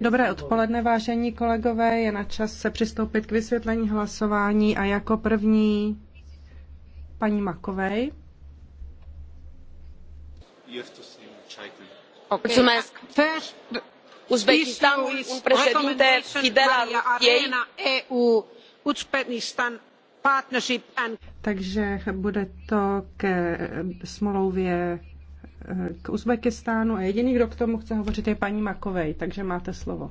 Dobré odpoledne, vážení kolegové. Je na čas se přistoupit k vysvětlení hlasování a jako první paní Makovej. Mulțumesc. Uzbekistanul un președinte e Takže bude to k smlouvě k Uzbekistánu a jediný, kdo k tomu chce hovořit, je paní Makovej, takže máte slovo.